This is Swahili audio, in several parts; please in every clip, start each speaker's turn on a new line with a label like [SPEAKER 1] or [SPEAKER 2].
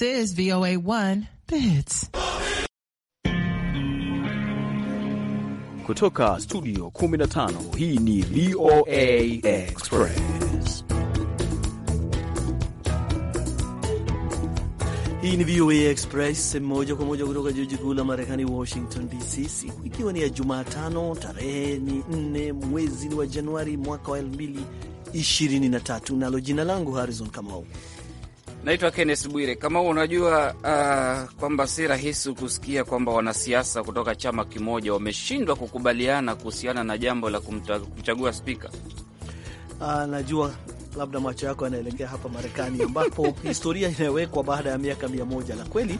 [SPEAKER 1] This is VOA 1 The Hits.
[SPEAKER 2] Kutoka studio 15 hii ni VOA Express.
[SPEAKER 3] Hii ni VOA Express moja kwa moja kutoka jiji kuu la Marekani Washington DC, siku ikiwa ni ya Jumatano tarehe ni 4 mwezi ni wa Januari mwaka wa 2023, nalo jina langu Harrison Kamau
[SPEAKER 4] Naitwa kennes Bwire. Kama unajua uh, kwamba si rahisi kusikia kwamba wanasiasa kutoka chama kimoja wameshindwa kukubaliana kuhusiana na jambo la kumchagua spika.
[SPEAKER 3] Uh, najua labda macho yako yanaelekea hapa Marekani ambapo historia inawekwa baada ya miaka mia moja na kweli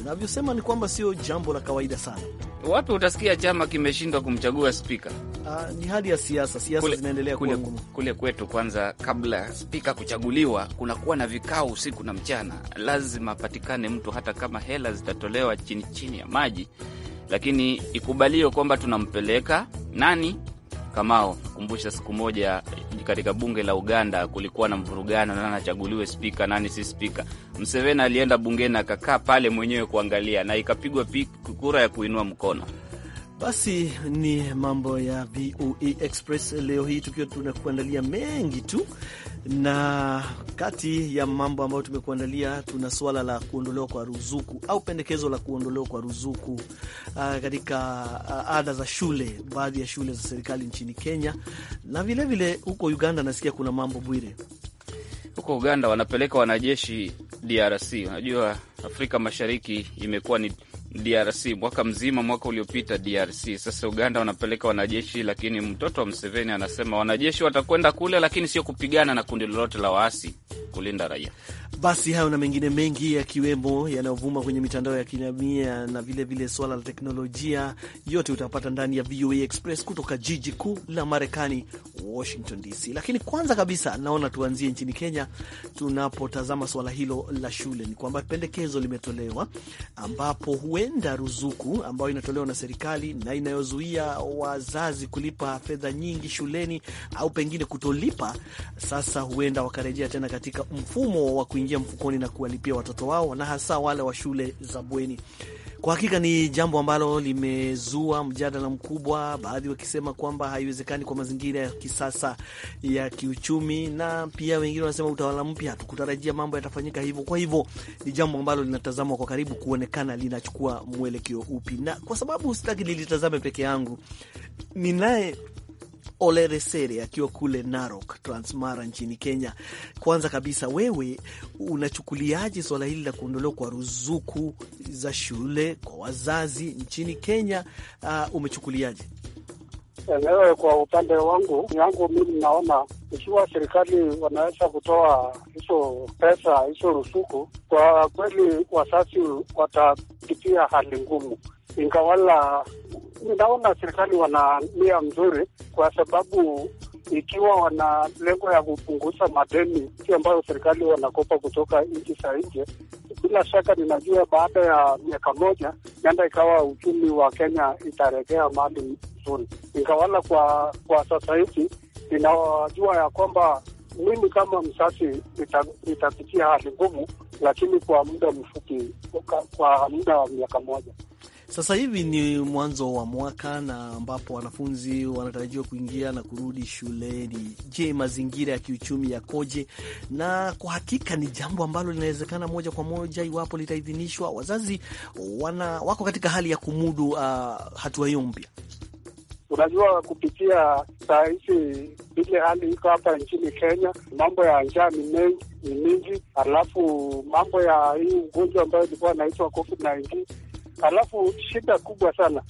[SPEAKER 3] inavyosema ni kwamba sio jambo la kawaida sana.
[SPEAKER 4] Wapi utasikia chama kimeshindwa kumchagua spika?
[SPEAKER 3] Uh, ni hali ya siasa, siasa zinaendelea kule,
[SPEAKER 4] kule kwetu. Kwanza kabla spika kuchaguliwa, kunakuwa na vikao usiku na mchana, lazima apatikane mtu, hata kama hela zitatolewa chini chini ya maji, lakini ikubaliwe kwamba tunampeleka nani. Kamao, kumbusha siku moja katika bunge la Uganda kulikuwa na mvurugano, nani achaguliwe spika, nani si spika. Mseveni alienda bungeni akakaa pale mwenyewe kuangalia, na ikapigwa kura ya kuinua mkono.
[SPEAKER 3] Basi ni mambo ya VOA e Express leo hii, tukiwa tunakuandalia mengi tu, na kati ya mambo ambayo tumekuandalia tuna suala la kuondolewa kwa ruzuku au pendekezo la kuondolewa kwa ruzuku uh, katika uh, ada za shule, baadhi ya shule za serikali nchini Kenya na vilevile vile, huko Uganda nasikia kuna mambo Bwire.
[SPEAKER 4] Huko Uganda wanapeleka wanajeshi DRC. Unajua Afrika Mashariki imekuwa ni DRC mwaka mzima, mwaka uliopita DRC. Sasa Uganda wanapeleka wanajeshi, lakini mtoto wa Mseveni anasema wanajeshi watakwenda kule, lakini sio kupigana na kundi lolote la waasi, kulinda raia.
[SPEAKER 3] Basi hayo na mengine mengi yakiwemo yanayovuma kwenye mitandao ya kijamii na vilevile swala la teknolojia, yote utapata ndani ya VOA Express kutoka jiji kuu la Marekani, Washington DC. Lakini kwanza kabisa, naona tuanzie nchini Kenya. Tunapotazama swala hilo la shule, ni kwamba pendekezo limetolewa ambapo huenda ruzuku ambayo inatolewa na serikali na inayozuia wazazi kulipa fedha nyingi shuleni au pengine kutolipa, sasa huenda wakarejea tena katika mfumo wa kuingia kuingia mfukoni na kuwalipia watoto wao na hasa wale wa shule za bweni. Kwa hakika ni jambo ambalo limezua mjadala mkubwa, baadhi wakisema kwamba haiwezekani kwa mazingira ya kisasa ya kiuchumi, na pia wengine wanasema utawala mpya, hatukutarajia mambo yatafanyika hivyo. Kwa hivyo ni jambo ambalo linatazamwa kwa karibu kuonekana linachukua mwelekeo upi, na kwa sababu sitaki lilitazame peke yangu, ninaye Oleresere akiwa kule Narok, Transmara nchini Kenya. Kwanza kabisa, wewe unachukuliaje suala hili la kuondolewa kwa ruzuku za shule kwa wazazi nchini Kenya? Uh, umechukuliaje?
[SPEAKER 5] wewe kwa upande wangu yangu mimi naona ikiwa serikali wanaweza kutoa hizo pesa hizo rusuku, kwa kweli wazazi watapitia hali ngumu, ingawala naona serikali wana nia mzuri, kwa sababu ikiwa wana lengo ya kupunguza madeni ambayo serikali wanakopa kutoka nchi za nje, bila shaka ninajua baada ya miaka moja nenda ikawa uchumi wa Kenya itaregea mali mzuri, ingawala kwa kwa sasa hivi ninajua ya kwamba mimi kama msasi nitapitia hali ngumu, lakini kwa muda mfupi, kwa muda wa miaka moja
[SPEAKER 3] sasa hivi ni mwanzo wa mwaka na ambapo wanafunzi wanatarajiwa kuingia na kurudi shuleni. Je, mazingira ya kiuchumi yakoje? Na kwa hakika ni jambo ambalo linawezekana moja kwa moja iwapo litaidhinishwa. Wazazi wana, wako katika hali ya kumudu uh, hatua hiyo mpya.
[SPEAKER 5] Unajua, kupitia saa hizi vile hali iko hapa nchini Kenya, mambo ya njaa ni mingi, alafu mambo ya hii ugonjwa ambayo ilikuwa anaitwa COVID-19 Alafu shida kubwa sana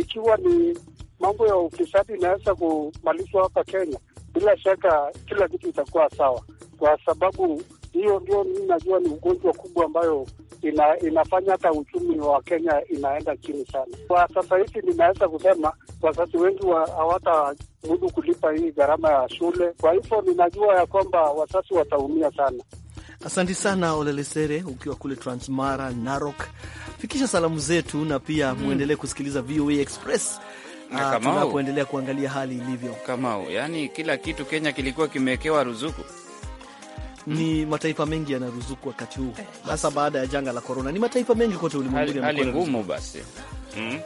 [SPEAKER 5] ikiwa ni mambo ya ufisadi inaweza kumalizwa hapa Kenya, bila shaka kila kitu itakuwa sawa, kwa sababu hiyo ndio mimi najua ni ugonjwa kubwa ambayo ina, inafanya hata uchumi wa Kenya inaenda chini sana kwa sasa hivi. Ninaweza kusema wazazi wengi hawata mudu kulipa hii gharama ya shule, kwa hivyo
[SPEAKER 3] ninajua ya kwamba wazazi wataumia sana. Asante sana Olelesere, ukiwa kule Transmara, Narok. Fikisha salamu zetu na pia mwendelee hmm. mm, kusikiliza VOA Express ah, tunapoendelea kuangalia hali ilivyo.
[SPEAKER 4] Kamau, yani kila kitu Kenya kilikuwa kimewekewa ruzuku
[SPEAKER 3] hmm. ni mataifa mengi yanaruzuku wakati huu eh, hasa baada ya janga la korona. Ni mataifa mengi kote ulimwenguni, hali ngumu
[SPEAKER 4] basi
[SPEAKER 1] mm.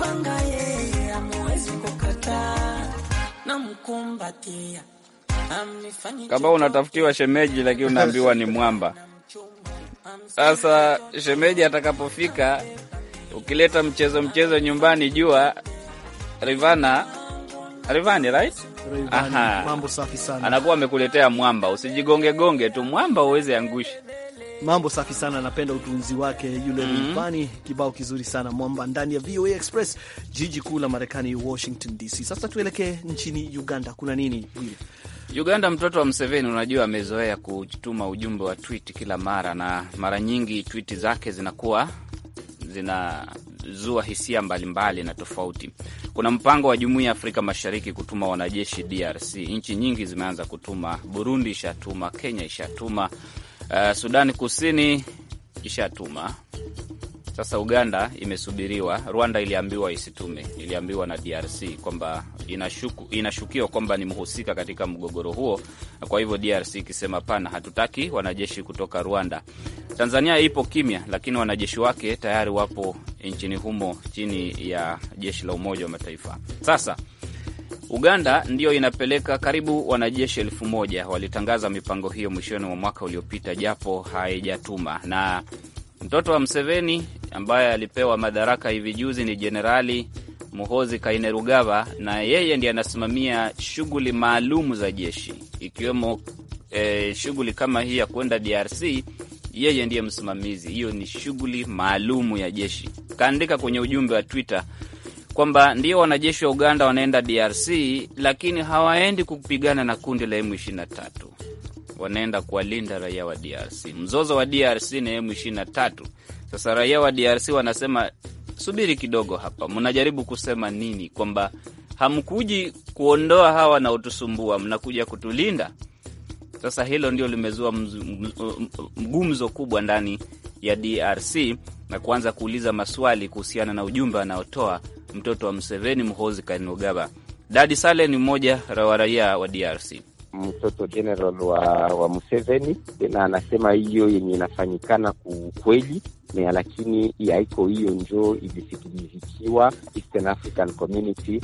[SPEAKER 1] kupanga yeye, amwezi kukataa na mkumbatia.
[SPEAKER 4] Kama unatafutiwa shemeji, lakini unaambiwa ni mwamba. Sasa shemeji atakapofika, ukileta mchezo mchezo nyumbani, jua Rivana Rivani, right? Rivani,
[SPEAKER 3] mambo safi sana. Anakuwa
[SPEAKER 4] amekuletea mwamba, usijigongegonge tu, mwamba uweze angushe
[SPEAKER 3] Mambo safi sana, napenda utunzi wake yule Rayvanny. mm -hmm. Kibao kizuri sana mwamba, ndani ya VOA Express, jiji kuu la Marekani, Washington DC. Sasa tuelekee nchini Uganda. Kuna nini Bwire? Uganda,
[SPEAKER 4] mtoto wa Mseveni, unajua amezoea kutuma ujumbe wa twiti kila mara, na mara nyingi twiti zake zinakuwa zinazua hisia mbalimbali mbali na tofauti. Kuna mpango wa jumuiya ya Afrika Mashariki kutuma wanajeshi DRC. Nchi nyingi zimeanza kutuma. Burundi ishatuma, Kenya ishatuma Uh, eh, Sudani Kusini ishatuma sasa. Uganda imesubiriwa. Rwanda iliambiwa isitume, iliambiwa na DRC kwamba inashuku, inashukiwa kwamba ni mhusika katika mgogoro huo. Kwa hivyo DRC ikisema pana, hatutaki wanajeshi kutoka Rwanda. Tanzania ipo kimya, lakini wanajeshi wake tayari wapo nchini humo chini ya jeshi la Umoja wa Mataifa. Sasa Uganda ndiyo inapeleka karibu wanajeshi elfu moja. Walitangaza mipango hiyo mwishoni mwa mwaka uliopita, japo haijatuma. Na mtoto wa Mseveni ambaye alipewa madaraka hivi juzi ni Jenerali Muhozi Kainerugaba, na yeye ndiye anasimamia shughuli maalum za jeshi ikiwemo eh, shughuli kama hii ya kwenda DRC. Yeye ndiye msimamizi, hiyo ni shughuli maalumu ya jeshi. Kaandika kwenye ujumbe wa Twitter kwamba ndio wanajeshi wa Uganda wanaenda DRC, lakini hawaendi kupigana na kundi la M23, wanaenda kuwalinda raia wa DRC. Mzozo wa DRC ni M23. Sasa raia wa DRC wanasema subiri kidogo, hapa mnajaribu kusema nini? Kwamba hamkuji kuondoa hawa utusumbua, mnakuja kutulinda. Sasa hilo ndio limezua mgumzo kubwa ndani ya DRC na kuanza kuuliza maswali kuhusiana na ujumbe anaotoa mtoto wa Mseveni, Mhozi Kainerugaba. Dadi Sale ni mmoja wa raia wa DRC,
[SPEAKER 2] mtoto general wa wa Museveni, tena anasema hiyo yenye inafanyikana kukweli na lakini haiko hiyo njoo ilisikilizikiwa Eastern African Community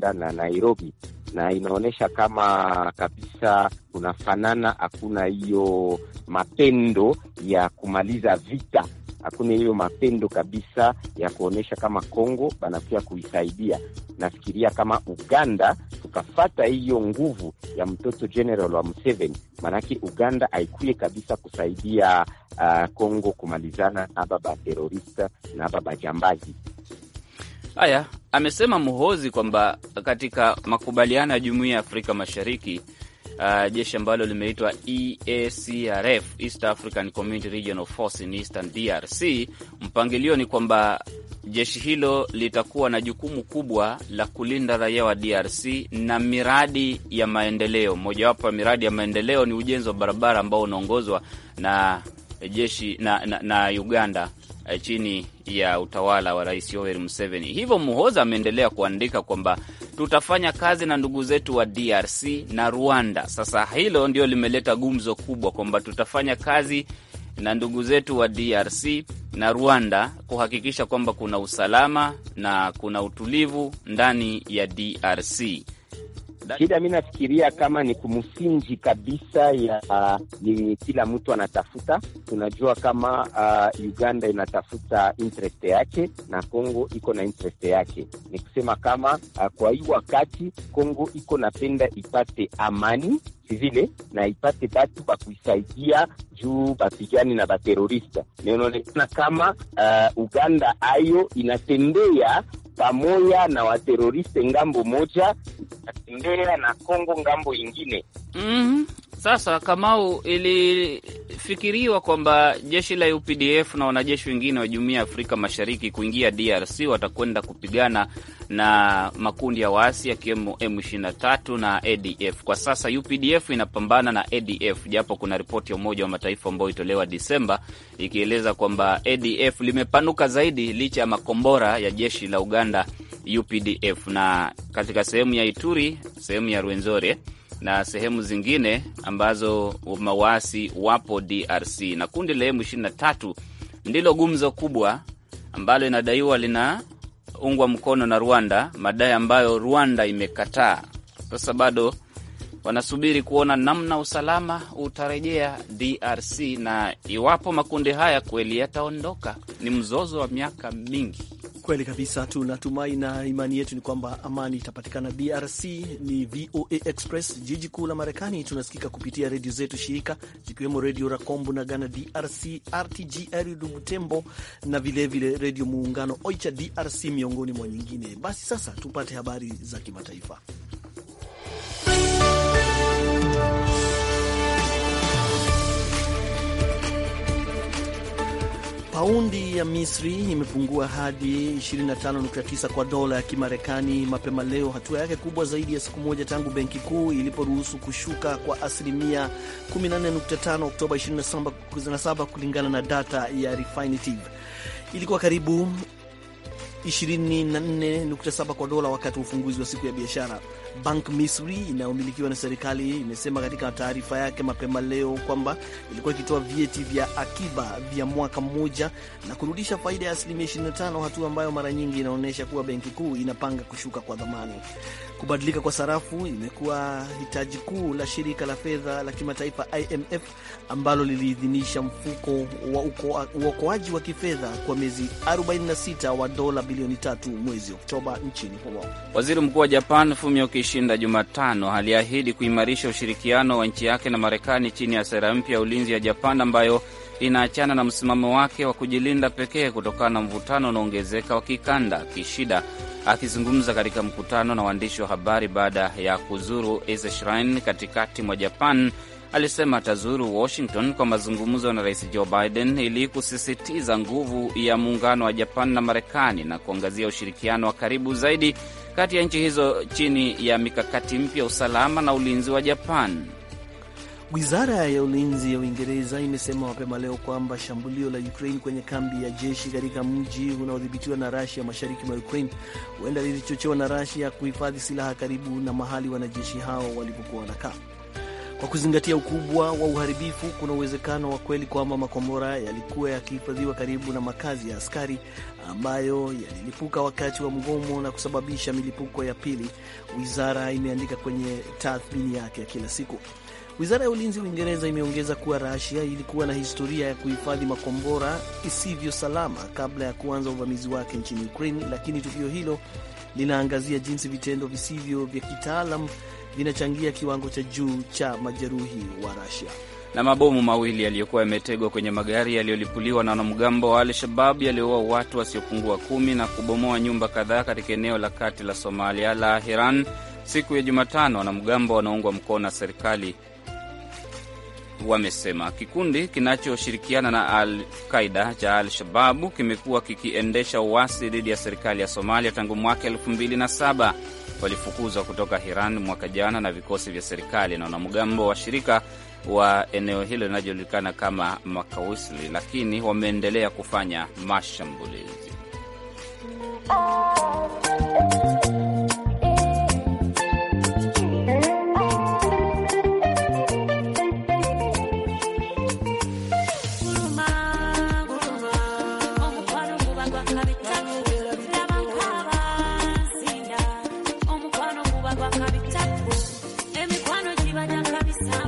[SPEAKER 2] na Nairobi, na inaonyesha kama kabisa kunafanana, hakuna hiyo mapendo ya kumaliza vita hakuna hiyo mapendo kabisa ya kuonyesha kama Kongo banakia kuisaidia. Nafikiria kama Uganda tukafata hiyo nguvu ya mtoto general wa Museveni, maanake Uganda haikuye kabisa kusaidia uh, Kongo kumalizana na baba terorista na baba jambazi.
[SPEAKER 4] Haya amesema Muhozi kwamba katika makubaliano ya Jumuiya ya Afrika Mashariki uh, jeshi ambalo limeitwa EACRF, East African Community Regional Force in Eastern DRC. Mpangilio ni kwamba jeshi hilo litakuwa na jukumu kubwa la kulinda raia wa DRC na miradi ya maendeleo. Mojawapo ya miradi ya maendeleo ni ujenzi wa barabara ambao unaongozwa na jeshi na, na, na Uganda eh, chini ya utawala wa Rais Yoweri Museveni. Hivyo Muhoza ameendelea kuandika kwamba tutafanya kazi na ndugu zetu wa DRC na Rwanda. Sasa hilo ndio limeleta gumzo kubwa kwamba tutafanya kazi na ndugu zetu wa DRC na Rwanda kuhakikisha kwamba kuna usalama na kuna utulivu ndani ya DRC.
[SPEAKER 2] Shida mi nafikiria kama ni kumsinji kabisa ya uh, kila mtu anatafuta. Tunajua kama uh, Uganda inatafuta interest yake na Kongo iko na interest yake. Ni kusema kama uh, kwa hii wakati Kongo iko napenda ipate amani sivile na ipate batu bakuisaidia juu bapigani na baterorista. Inaonekana kama uh, Uganda ayo inatembea pamoja na wateroriste ngambo moja, utatembea na Kongo ngambo ingine. Mm
[SPEAKER 4] -hmm. Sasa Kamau, ilifikiriwa kwamba jeshi la UPDF na wanajeshi wengine wa jumuiya ya Afrika Mashariki kuingia DRC watakwenda kupigana na makundi ya waasi yakiwemo M23 na ADF. Kwa sasa UPDF inapambana na ADF, japo kuna ripoti ya Umoja wa Mataifa ambayo itolewa Disemba ikieleza kwamba ADF limepanuka zaidi licha ya makombora ya jeshi la Uganda UPDF, na katika sehemu ya Ituri, sehemu ya Rwenzori na sehemu zingine ambazo mawasi wapo DRC, na kundi la M23 ndilo gumzo kubwa ambalo inadaiwa linaungwa mkono na Rwanda, madai ambayo Rwanda imekataa. Sasa bado wanasubiri kuona namna usalama utarejea DRC na iwapo makundi haya kweli yataondoka. Ni mzozo wa miaka mingi.
[SPEAKER 3] Kweli kabisa, tunatumai na imani yetu ni kwamba amani itapatikana DRC. Ni VOA Express, jiji kuu la Marekani. Tunasikika kupitia redio zetu shirika zikiwemo Redio Rakombu na Ghana DRC, RTGR Butembo na vilevile Redio Muungano Oicha DRC, miongoni mwa nyingine. Basi sasa tupate habari za kimataifa. Paundi ya Misri imepungua hadi 25.9 kwa dola ya Kimarekani mapema leo, hatua yake kubwa zaidi ya siku moja tangu benki kuu iliporuhusu kushuka kwa asilimia 14.5 Oktoba 27, kulingana na data ya Refinitiv. Ilikuwa karibu 24.7 kwa dola wakati wa ufunguzi wa siku ya biashara. Bank Misri inayomilikiwa na serikali imesema katika taarifa yake mapema leo kwamba ilikuwa ikitoa vyeti vya akiba vya mwaka mmoja na kurudisha faida ya asilimia 25, hatua ambayo mara nyingi inaonyesha kuwa benki kuu inapanga kushuka kwa dhamani. Kubadilika kwa sarafu imekuwa hitaji kuu la shirika la fedha la kimataifa IMF ambalo liliidhinisha mfuko wa uokoaji wa kifedha kwa miezi 46 wa dola bilioni tatu mwezi Oktoba nchini humo.
[SPEAKER 4] Waziri Mkuu wa Japan Fumio Kishida Jumatano aliahidi kuimarisha ushirikiano wa nchi yake na Marekani chini ya sera mpya ya ulinzi ya Japan ambayo inaachana na msimamo wake wa kujilinda pekee kutokana na mvutano unaongezeka wa kikanda. Kishida akizungumza katika mkutano na waandishi wa habari baada ya kuzuru Asia Shrine katikati mwa Japan, alisema atazuru Washington kwa mazungumzo na Rais Joe Biden ili kusisitiza nguvu ya muungano wa Japan na Marekani na kuangazia ushirikiano wa karibu zaidi kati ya nchi hizo chini ya mikakati mpya ya usalama na ulinzi wa Japan.
[SPEAKER 3] Wizara ya ulinzi ya Uingereza imesema mapema leo kwamba shambulio la Ukraine kwenye kambi ya jeshi katika mji unaodhibitiwa na Rasia mashariki mwa Ukraine huenda lilichochewa na Rasia kuhifadhi silaha karibu na mahali wanajeshi hao walipokuwa wanakaa. Kwa kuzingatia ukubwa wa uharibifu, kuna uwezekano wa kweli kwamba makombora yalikuwa yakihifadhiwa karibu na makazi ya askari ambayo yalilipuka wakati wa mgomo na kusababisha milipuko ya pili, wizara imeandika kwenye tathmini yake ya kila siku. Wizara ya ulinzi Uingereza imeongeza kuwa Rasia ilikuwa na historia ya kuhifadhi makombora isivyo salama kabla ya kuanza uvamizi wake nchini Ukraine, lakini tukio hilo linaangazia jinsi vitendo visivyo vya kitaalam vinachangia kiwango cha juu cha majeruhi wa Rasia.
[SPEAKER 4] Na mabomu mawili yaliyokuwa yametegwa kwenye magari yaliyolipuliwa na wanamgambo wa Al-Shabab yaliyoua watu wasiopungua kumi na kubomoa nyumba kadhaa katika eneo la kati la Somalia la Hiran siku ya Jumatano, wanamgambo wanaungwa mkono na serikali wamesema kikundi kinachoshirikiana na Al Qaida cha Al Shababu kimekuwa kikiendesha uasi dhidi ya serikali ya Somalia tangu mwaka elfu mbili na saba. Walifukuzwa kutoka Iran mwaka jana na vikosi vya serikali na wanamgambo wa shirika wa eneo hilo linalojulikana kama Makawisli, lakini wameendelea kufanya mashambulizi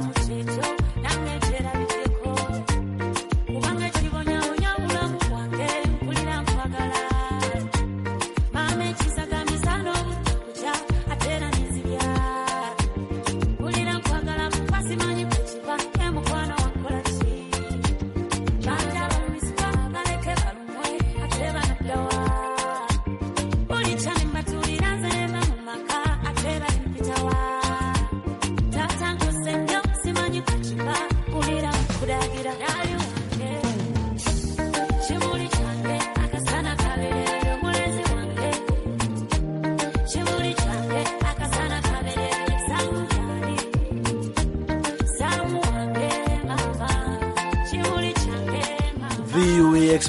[SPEAKER 1] I'll you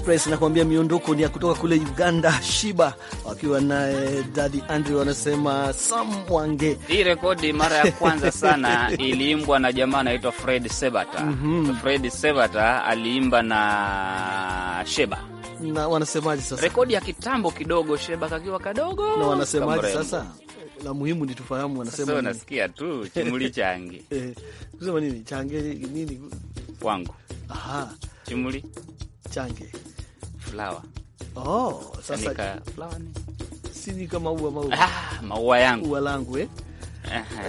[SPEAKER 3] Express nakuambia miondoko ni ya kutoka kule Uganda, Shiba wakiwa naye Daddy Andrew wanasema Samwange. Hii
[SPEAKER 4] rekodi mara ya kwanza sana iliimbwa na jamaa anaitwa Fred Sebata. mm -hmm. Fred Sebata aliimba na Sheba
[SPEAKER 3] na wanasemaje sasa? Rekodi ya kitambo kidogo, Sheba kakiwa kadogo, na wanasemaje sasa? La muhimu ni tufahamu, wanasema nasikia
[SPEAKER 4] tu chimuli change eh,
[SPEAKER 3] kusema nini change nini kwangu, aha chimuli change flower. Oh, sasa nika yaani flower ni siji kama maua maua. Ah, maua yangu. Maua langu eh.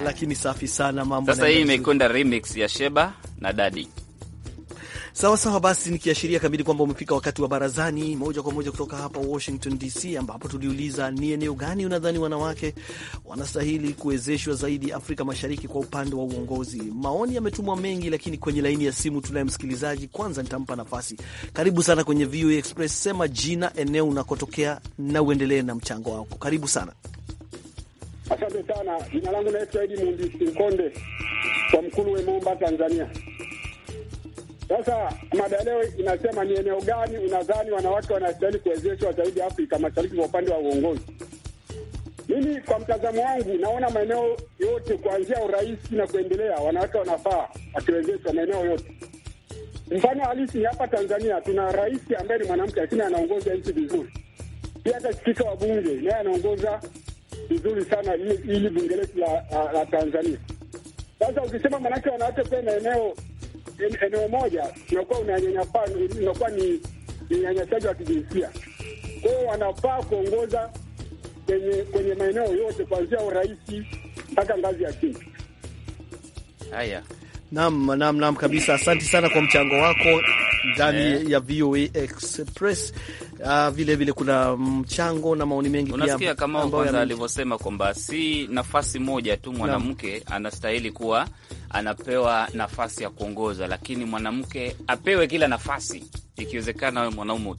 [SPEAKER 3] Lakini safi sana mambo. Sasa hii imekonda
[SPEAKER 4] remix ya Sheba na Daddy.
[SPEAKER 3] Sawa sawa, basi nikiashiria kamili kwamba umefika wakati wa barazani moja kwa moja kutoka hapa Washington DC, ambapo tuliuliza ni eneo gani unadhani wanawake wanastahili kuwezeshwa zaidi Afrika Mashariki kwa upande wa uongozi. Maoni yametumwa mengi, lakini kwenye laini ya simu tunaye msikilizaji. Kwanza nitampa nafasi. Karibu sana kwenye VOA Express, sema jina, eneo unakotokea na uendelee na mchango wako. Karibu sana.
[SPEAKER 5] Asante sana. Jina langu naitwa Edi Mundisi Mkonde kwa Mkulu we Momba, Tanzania. Sasa mada leo inasema ni eneo gani unadhani wanawake wanastahili kuwezeshwa zaidi Afrika Mashariki kwa upande wa uongozi? Mimi kwa mtazamo wangu naona maeneo yote kuanzia urais na kuendelea, wanawake wanafaa wakiwezeshwa maeneo yote. Mfano halisi ni hapa Tanzania, tuna rais ambaye ni mwanamke, lakini anaongoza nchi vizuri. Pia hata spika wa bunge naye anaongoza vizuri sana ili bunge letu la, la, la Tanzania. Sasa ukisema manake wanawake pia maeneo eneo moja unakuwa unanyanyapaa, unakuwa ni unyanyasaji wa kijinsia. Kwa hiyo wanafaa kuongoza kwenye, kwenye maeneo yote kuanzia urais mpaka ngazi ya chini.
[SPEAKER 3] Haya. Nam, nam, nam kabisa. Asante sana kwa mchango wako ndani yeah, ya VOA Express. Uh, vile vile kuna mchango na maoni mengi pia. Unasikia kama kwanza
[SPEAKER 4] alivyosema kwamba si nafasi moja tu mwanamke anastahili kuwa anapewa nafasi ya kuongoza, lakini mwanamke apewe kila nafasi, ikiwezekana awe mwanaume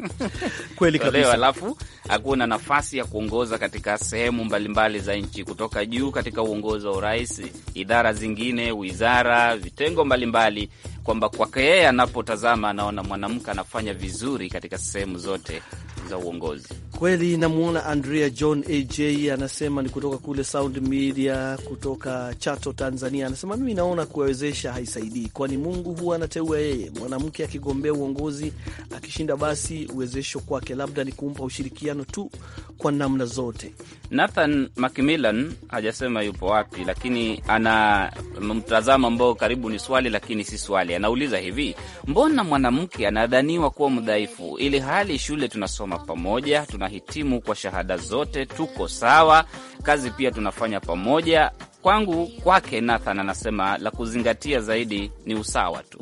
[SPEAKER 3] kweli kabisa.
[SPEAKER 4] Alafu hakuna nafasi ya kuongoza katika sehemu mbalimbali za nchi, kutoka juu katika uongozi wa urais, idara zingine, wizara, vitengo mbalimbali, kwamba kwake yeye anapotazama anaona mwanamke anafanya vizuri katika sehemu zote za uongozi
[SPEAKER 3] kweli. Namwona Andrea John AJ anasema ni kutoka kule Sound Media kutoka Chato, Tanzania. Anasema mimi naona kuwawezesha haisaidii, kwani Mungu huwa anateua yeye. Mwanamke akigombea uongozi akishinda, basi uwezesho kwake labda ni kumpa ushirikiano tu kwa namna zote.
[SPEAKER 4] Nathan Macmillan hajasema yupo wapi, lakini ana mtazamo ambao karibu ni swali, lakini si swali. Anauliza hivi, mbona mwanamke anadhaniwa kuwa mdhaifu ili hali shule tunasoma pamoja tuna tunahitimu kwa shahada zote, tuko sawa, kazi pia tunafanya pamoja. Kwangu kwake Nathan anasema la kuzingatia zaidi ni usawa tu.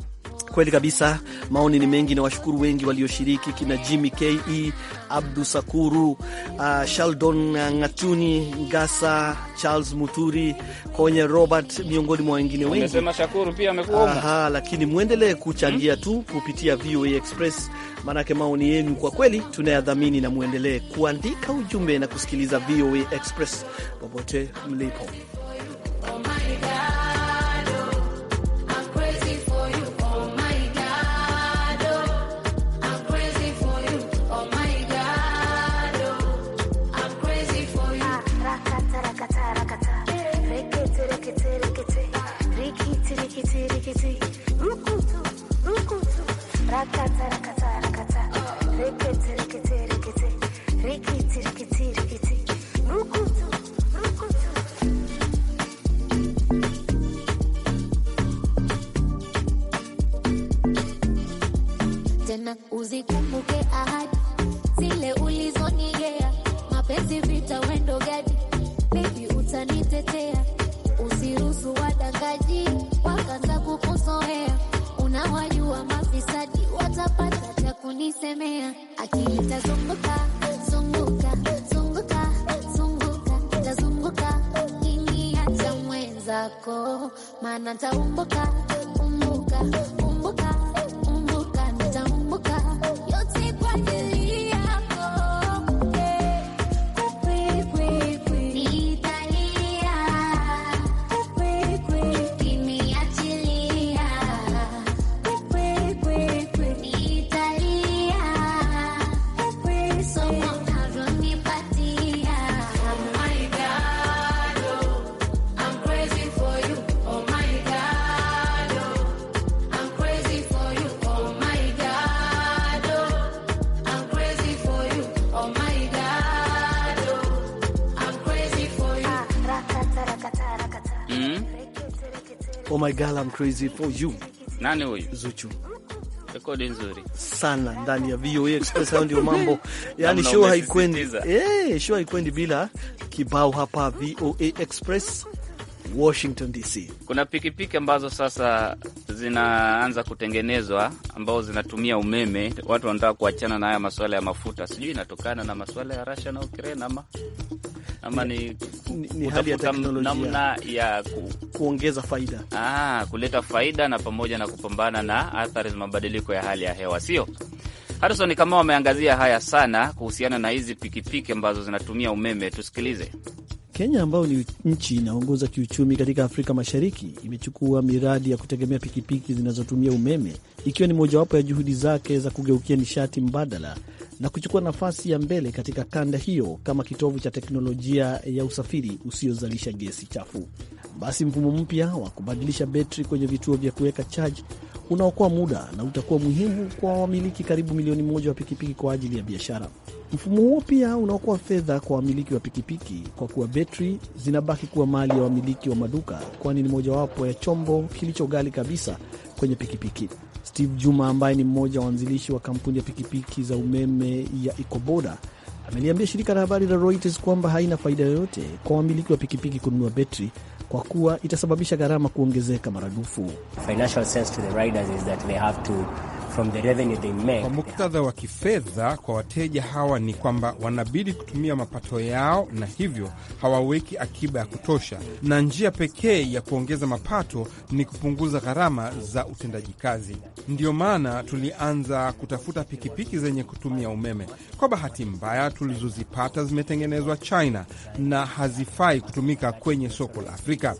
[SPEAKER 3] Kweli kabisa, maoni ni mengi na washukuru wengi walioshiriki, kina Jimmy Ke, Abdu Sakuru, uh, Shaldon Ngatuni Ngasa, Charles Muturi, Konye Robert, miongoni mwa wengine wengi. Aha, lakini mwendelee kuchangia hmm, tu kupitia VOA Express, maanake maoni yenu kwa kweli tunayadhamini, na mwendelee kuandika ujumbe na kusikiliza VOA Express popote mlipo. music. My Girl I'm Crazy for You. Nani huyu? Zuchu.
[SPEAKER 4] Rekodi nzuri
[SPEAKER 3] sana ndani ya VOA Express. Hayo ndio mambo yani, show haikwendi eh, show haikwendi bila kibao hapa VOA Express Washington DC.
[SPEAKER 4] Kuna pikipiki piki ambazo sasa zinaanza kutengenezwa ambao zinatumia umeme, watu wanataka kuachana na haya masuala ya mafuta. Sijui inatokana na masuala ya rusia na Ukraine ama ama ni, ni, ni hali ya teknolojia, namna ya ku, kuongeza faida ah, kuleta faida na pamoja na kupambana na athari za mabadiliko ya hali ya hewa, sio Harrison? Kama wameangazia haya sana kuhusiana na hizi pikipiki ambazo zinatumia umeme, tusikilize.
[SPEAKER 3] Kenya ambayo ni nchi inaongoza kiuchumi katika Afrika Mashariki imechukua miradi ya kutegemea pikipiki zinazotumia umeme ikiwa ni mojawapo ya juhudi zake za kugeukia nishati mbadala na kuchukua nafasi ya mbele katika kanda hiyo kama kitovu cha teknolojia ya usafiri usiozalisha gesi chafu. Basi mfumo mpya wa kubadilisha betri kwenye vituo vya kuweka chaji unaokoa muda na utakuwa muhimu kwa wamiliki karibu milioni moja wa pikipiki kwa ajili ya biashara. Mfumo huo pia unaokoa fedha kwa wamiliki wa pikipiki kwa kuwa betri zinabaki kuwa mali ya wamiliki wa maduka, kwani ni mojawapo ya chombo kilicho ghali kabisa kwenye pikipiki. Steve Juma ambaye ni mmoja wa waanzilishi wa kampuni ya pikipiki za umeme ya Ecoboda ameliambia shirika la habari la Reuters kwamba haina faida yoyote kwa wamiliki wa pikipiki kununua betri kwa kuwa itasababisha gharama kuongezeka maradufu
[SPEAKER 2] from the revenue they make. Kwa muktadha wa kifedha kwa wateja hawa ni kwamba wanabidi kutumia mapato yao, na hivyo hawaweki akiba ya kutosha, na njia pekee ya kuongeza mapato ni kupunguza gharama za utendaji kazi. Ndiyo maana tulianza kutafuta pikipiki zenye kutumia umeme. Kwa bahati mbaya, tulizozipata zimetengenezwa China na hazifai kutumika kwenye soko la Afrika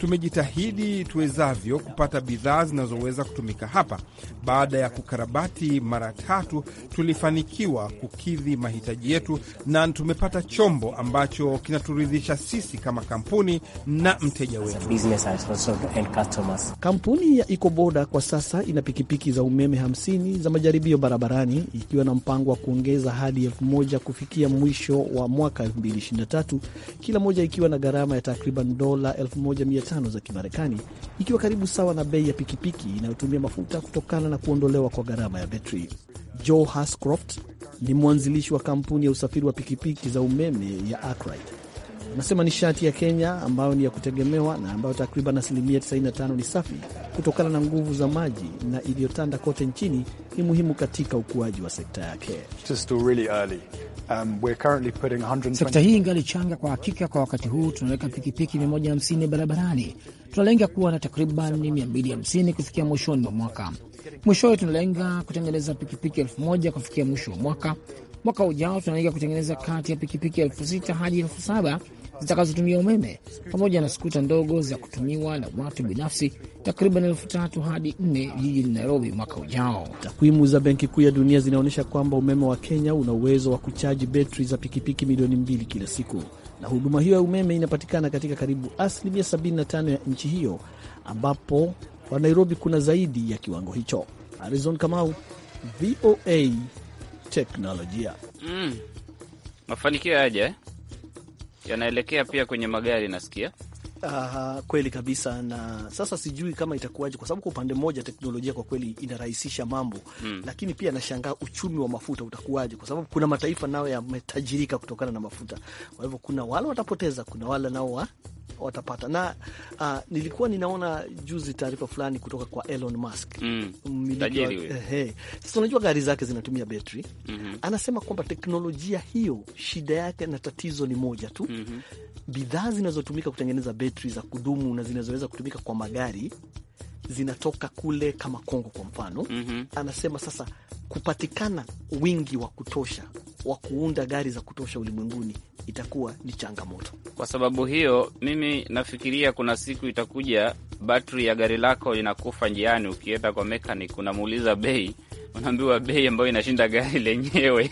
[SPEAKER 2] tumejitahidi tuwezavyo kupata bidhaa zinazoweza kutumika hapa. Baada ya kukarabati mara tatu, tulifanikiwa kukidhi mahitaji yetu na tumepata chombo ambacho kinaturidhisha sisi kama kampuni na mteja wetu.
[SPEAKER 3] Kampuni ya Ecoboda kwa sasa ina pikipiki za umeme 50 za majaribio barabarani ikiwa na mpango wa kuongeza hadi 1 kufikia mwisho wa mwaka 2023, kila moja ikiwa na gharama ya takriban dola 1 tano za Kimarekani, ikiwa karibu sawa na bei ya pikipiki inayotumia mafuta kutokana na kuondolewa kwa gharama ya betri. Joe Hascroft ni mwanzilishi wa kampuni ya usafiri wa pikipiki za umeme ya Arkwright. Anasema nishati ya Kenya ambayo ni ya kutegemewa na ambayo takriban asilimia 95 ni safi kutokana na nguvu za maji na iliyotanda kote nchini ni muhimu katika ukuaji wa sekta yake.
[SPEAKER 5] Really um, 120... sekta hii
[SPEAKER 3] ingali changa kwa
[SPEAKER 4] hakika. Kwa wakati huu tunaweka pikipiki 150 barabarani, tunalenga kuwa na takriban 250 kufikia mwishoni mwa mwaka. Mwishowe tunalenga kutengeneza pikipiki 1000 kufikia mwisho wa mwaka. Mwaka ujao tunalenga kutengeneza kati ya pikipiki elf6 hadi 7000 zitakazotumia umeme pamoja na skuta ndogo za kutumiwa na watu binafsi
[SPEAKER 1] takriban elfu
[SPEAKER 3] tatu hadi nne jijini Nairobi mwaka ujao. Takwimu za Benki Kuu ya Dunia zinaonyesha kwamba umeme wa Kenya una uwezo wa kuchaji betri za pikipiki milioni mbili kila siku, na huduma hiyo ya umeme inapatikana katika karibu asilimia 75 ya nchi hiyo, ambapo kwa Nairobi kuna zaidi ya kiwango hicho. Arizon Kamau, VOA Teknolojia. Mm,
[SPEAKER 4] mafanikio eh? yanaelekea pia kwenye magari nasikia
[SPEAKER 3] Uh, kweli kabisa. Na sasa sijui kama itakuwaje, kwa sababu kwa upande mmoja teknolojia kwa kweli inarahisisha mambo hmm, lakini pia nashangaa uchumi wa mafuta utakuwaje, kwa sababu kuna mataifa nayo yametajirika kutokana na mafuta. Kwa hivyo kuna wale watapoteza, kuna wale nao wa watapata na uh, nilikuwa ninaona juzi taarifa fulani kutoka kwa Elon Musk mm, eh, sasa unajua gari zake zinatumia betri mm -hmm. Anasema kwamba teknolojia hiyo shida yake na tatizo ni moja tu mm -hmm. Bidhaa zinazotumika kutengeneza betri betri za kudumu na zinazoweza kutumika kwa magari zinatoka kule kama Kongo kwa mfano. mm -hmm. Anasema sasa kupatikana wingi wa kutosha wa kuunda gari za kutosha ulimwenguni itakuwa ni changamoto.
[SPEAKER 4] Kwa sababu hiyo, mimi nafikiria kuna siku itakuja batri ya gari lako inakufa njiani, ukienda kwa mekanik unamuuliza bei unaambiwa bei ambayo inashinda gari lenyewe.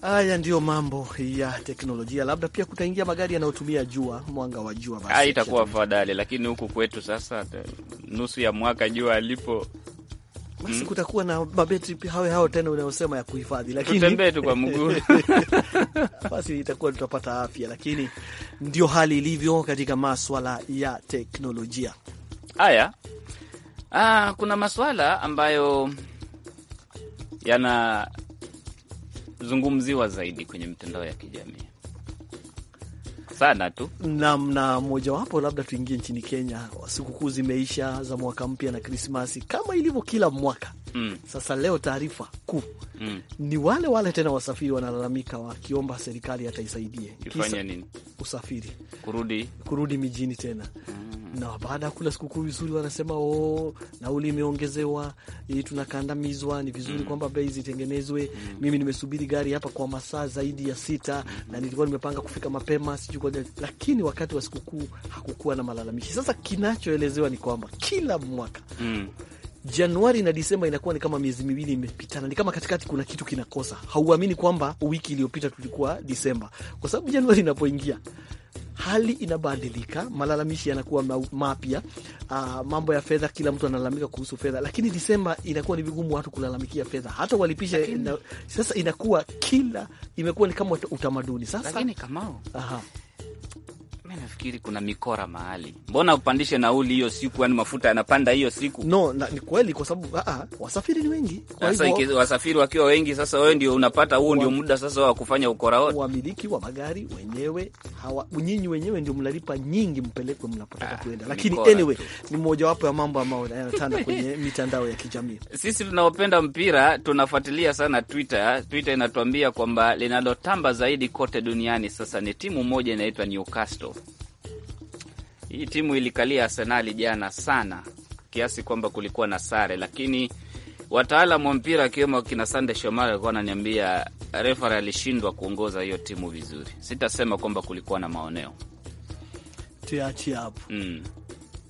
[SPEAKER 3] Haya ndiyo mambo ya teknolojia. Labda pia kutaingia magari yanayotumia jua, mwanga wa jua, basi ah, itakuwa
[SPEAKER 4] afadhali, lakini huku kwetu sasa nusu ya mwaka jua alipo basi hmm?
[SPEAKER 3] kutakuwa na mabetri hawe hao tena unayosema ya kuhifadhi, lakini tutembee tu kwa mguu basi itakuwa tutapata afya, lakini ndio hali ilivyo katika maswala ya teknolojia
[SPEAKER 4] haya. Ah, kuna maswala ambayo yanazungumziwa zaidi kwenye mitandao ya kijamii sana tu
[SPEAKER 3] nam na mojawapo, labda tuingie nchini Kenya. Sikukuu zimeisha za mwaka mpya na Krismasi, kama ilivyo kila mwaka Mm. Sasa leo taarifa kuu mm, ni wale wale tena wasafiri wanalalamika wakiomba serikali ataisaidie kisa nini? Usafiri kurudi, kurudi mijini tena mm, na baada ya kula sikukuu vizuri wanasema oh, nauli imeongezewa, hii tunakandamizwa, ni vizuri mm, kwamba bei zitengenezwe mm. Mimi nimesubiri gari hapa kwa masaa zaidi ya sita mm, na nilikuwa nimepanga kufika mapema sijui, lakini wakati wa sikukuu hakukuwa na malalamishi. Sasa kinachoelezewa ni kwamba kila mwaka mm Januari na Disemba inakuwa ni kama miezi miwili imepitana, ni kama katikati kuna kitu kinakosa. Hauamini kwamba wiki iliyopita tulikuwa Disemba, kwa sababu Januari inapoingia hali inabadilika, malalamishi yanakuwa mapya. Uh, mambo ya fedha, kila mtu analalamika kuhusu fedha, lakini Disemba inakuwa ni vigumu watu kulalamikia fedha, hata walipisha ina, sasa inakuwa kila imekuwa ni kama utamaduni sasa. Lakini aha mimi
[SPEAKER 4] nafikiri kuna mikora mahali, mbona upandishe nauli hiyo siku, yani mafuta yanapanda hiyo siku?
[SPEAKER 3] No na, ni kweli kwa sababu ah, ah, wasafiri ni wengi. Sasa
[SPEAKER 4] wasafiri wakiwa wengi, sasa wewe ndio unapata huo ndio muda sasa wa kufanya ukora wote.
[SPEAKER 3] Wamiliki wa magari wenyewe hawa, nyinyi wenyewe ndio mnalipa nyingi mpelekwe mnapotaka ah, kuenda, lakini anyway ni mojawapo ya mambo ambayo yanatanda kwenye mitandao ya kijamii.
[SPEAKER 4] Sisi tunaopenda mpira tunafuatilia sana Twitter. Twitter inatuambia kwamba linalotamba zaidi kote duniani sasa ni timu moja inaitwa Newcastle hii timu ilikalia Arsenali jana sana kiasi kwamba kulikuwa na sare, lakini wataalamu wa mpira akiwemo kina Sande Shomari alikuwa ananiambia refari alishindwa kuongoza hiyo timu vizuri. Sitasema kwamba kulikuwa na maoneo,
[SPEAKER 3] tuachie hapo mm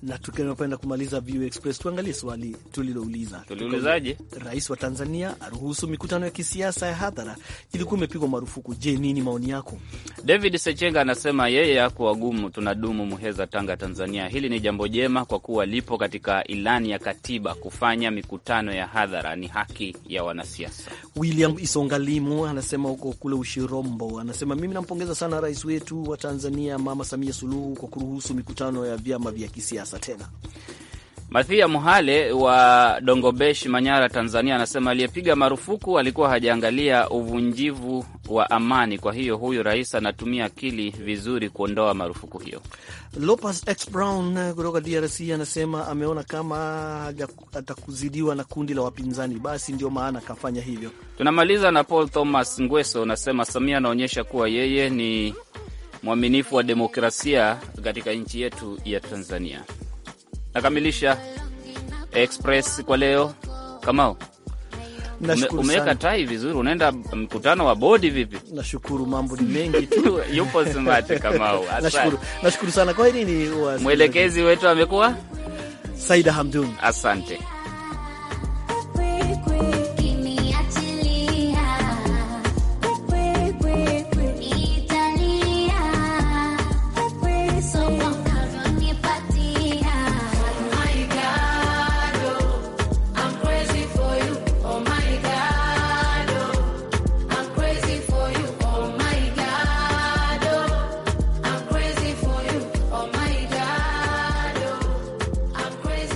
[SPEAKER 3] na tukipenda kumaliza VOA Express, tuangalie swali tulilouliza. Tuliulizaje? Rais wa Tanzania aruhusu mikutano ya kisiasa ya hadhara ilikuwa imepigwa marufuku. Je, nini maoni yako?
[SPEAKER 4] David Sechenga anasema yeye yako wagumu, tunadumu Muheza, Tanga, Tanzania. Hili ni jambo jema kwa kuwa lipo katika ilani ya katiba. Kufanya mikutano ya hadhara ni haki ya wanasiasa.
[SPEAKER 3] William Isongalimu anasema huko kule Ushirombo, anasema mimi nampongeza sana rais wetu wa Tanzania Mama Samia Suluhu kwa kuruhusu mikutano ya vyama vya kisiasa sasa tena.
[SPEAKER 4] Mathia Muhale wa Dongobesh, Manyara, Tanzania, anasema aliyepiga marufuku alikuwa hajaangalia uvunjivu wa amani. Kwa hiyo huyu rais anatumia akili vizuri kuondoa marufuku hiyo.
[SPEAKER 3] Lopas X Brown eh, kutoka DRC anasema ameona kama atakuzidiwa na kundi la wapinzani, basi ndio maana akafanya hivyo.
[SPEAKER 4] Tunamaliza na Paul Thomas Ngweso, anasema Samia anaonyesha kuwa yeye ni mwaminifu wa demokrasia katika nchi yetu ya Tanzania. Nakamilisha Express kwa leo. Kamao, umeweka tai vizuri, unaenda mkutano wa bodi vipi?
[SPEAKER 3] Nashukuru, mambo ni mengi tu yupo smart Kamao, nashukuru, nashukuru sana. Kwa hili ni mwelekezi
[SPEAKER 4] wetu amekuwa Saida Hamdun, asante.